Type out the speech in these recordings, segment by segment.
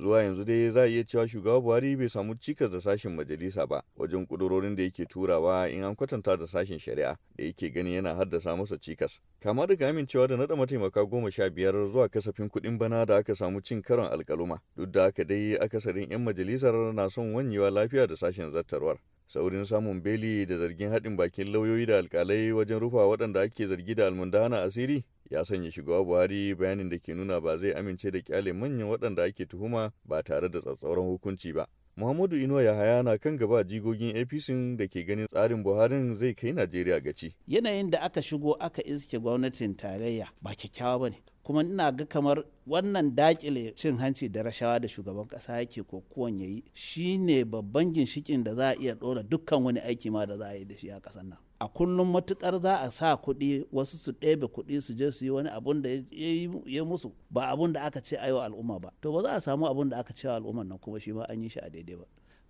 zuwa yanzu dai za a iya cewa shugaba buhari bai samu cikas da sashen majalisa ba wajen kudurorin da yake turawa in an kwatanta da sashen shari'a da yake gani yana haddasa masa cikas kama daga amincewa da naɗa mataimaka goma sha biyar zuwa kasafin kuɗin bana da aka samu cin karon alkaluma duk da haka dai akasarin 'yan majalisar na son wanyewa lafiya da sashen zattarwar saurin samun beli da zargin haɗin bakin lauyoyi da alkalai wajen rufa waɗanda ake zargi da almundana asiri ya sanya shugaba buhari bayanin da ke nuna ba zai amince da kyale manyan waɗanda ake tuhuma ba tare da tsatsauran hukunci ba muhammadu inuwa yahaya na kan gaba jigogin apc da ke ganin tsarin buharin zai kai najeriya gaci yanayin da aka shigo aka iske gwamnatin tarayya ba kyakkyawa ba ne kuma ina ga kamar wannan dakile cin hanci da rashawa da shugaban kasa yake kokuwan yayi shine babban ginshikin da za a iya dora dukkan wani aiki ma da za a yi da shi a kasan nan a kullum matukar za a sa kuɗi wasu su ɗebe kuɗi su je su yi wani abun da ya musu ba abun da aka ce ayo al'umma ba to ba za a samu abun da aka ce al'umman nan kuma shi ma an yi shi a daidai ba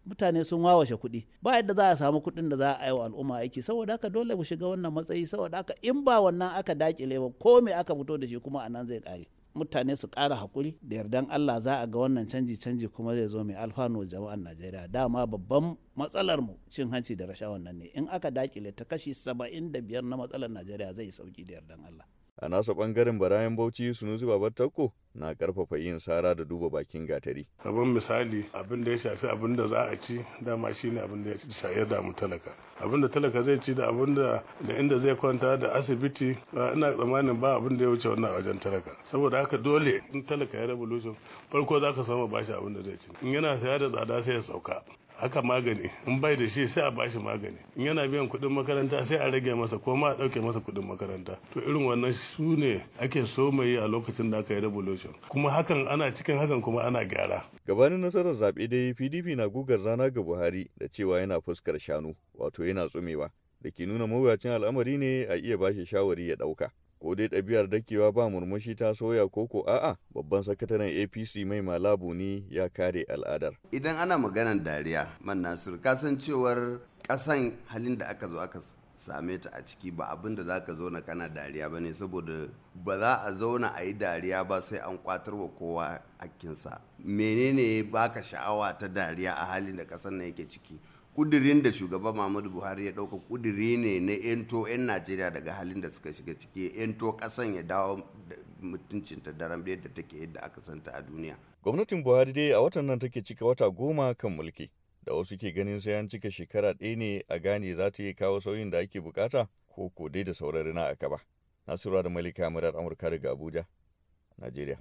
mutane sun wawashe kuɗi ba yadda za a samu kuɗin da za a yi wa al'umma aiki saboda haka dole mu shiga wannan matsayi saboda haka in ba wannan aka dakile ba ko me aka fito da shi kuma a nan zai ƙare mutane su ƙara hakuri da yardan Allah za a ga wannan canji canji kuma zai zo mai alfano jama'an Najeriya dama babban matsalar mu cin hanci da rashawan nan ne in aka dakile ta kashi 75 na matsalar Najeriya zai sauki da yardan Allah A nasa bangaren barayan Bauchi Sunusi Babar Tako na karfafa yin sara da duba bakin gatari. Abin misali abin da ya shafi abin da za a ci dama shi ne abin da ya da mu talaka. Abin da talaka zai ci da abin da da inda zai kwanta da asibiti ina tsammanin ba abin da ya wuce wannan wajen talaka. Saboda haka dole in talaka ya revolution farko za ka samu bashi abin da zai ci. In yana saya da tsada sai ya sauka. haka magani in bai da shi sai a bashi magani in yana biyan kuɗin makaranta sai a rage masa ko ma a ɗauke masa kuɗin makaranta to irin wannan su ne ake so mai a lokacin da aka yi revolution kuma hakan ana cikin hakan kuma ana gyara gabanin nasarar zaɓe dai pdp na gugar rana ga buhari da cewa yana fuskar shanu wato yana tsumewa da ke nuna mawuyacin al'amari ne a iya bashi shawari ya ɗauka ko dai ɗabi'ar dakewa ba murmushi ta soya koko a'a babban sakataren apc mai malabu ne ya kare al'adar idan ana maganar dariya man nasir kasancewar kasan halin da aka zo aka same ta a ciki ba abin da za ka zauna kana dariya ba ne saboda ba za a zauna a yi dariya ba sai an kwatar wa kowa hakkinsa menene ba ka sha'awa ta dariya a halin da kasan na yake ciki kudirin da shugaban muhammadu buhari ya ɗauka kudiri ne na yanto 'yan najeriya daga halin da suka shiga ciki yanto kasan ya dawo mutuncinta daren biyar da take yadda aka santa a duniya gwamnatin buhari dai a watan nan take cika wata goma kan mulki da wasu ke ganin sai an cika shekara ɗaya ne a gane za ta iya kawo sauyin da ake bukata ko ko dai da saurari na aka ba nasiru da malika murar amurka daga abuja najeriya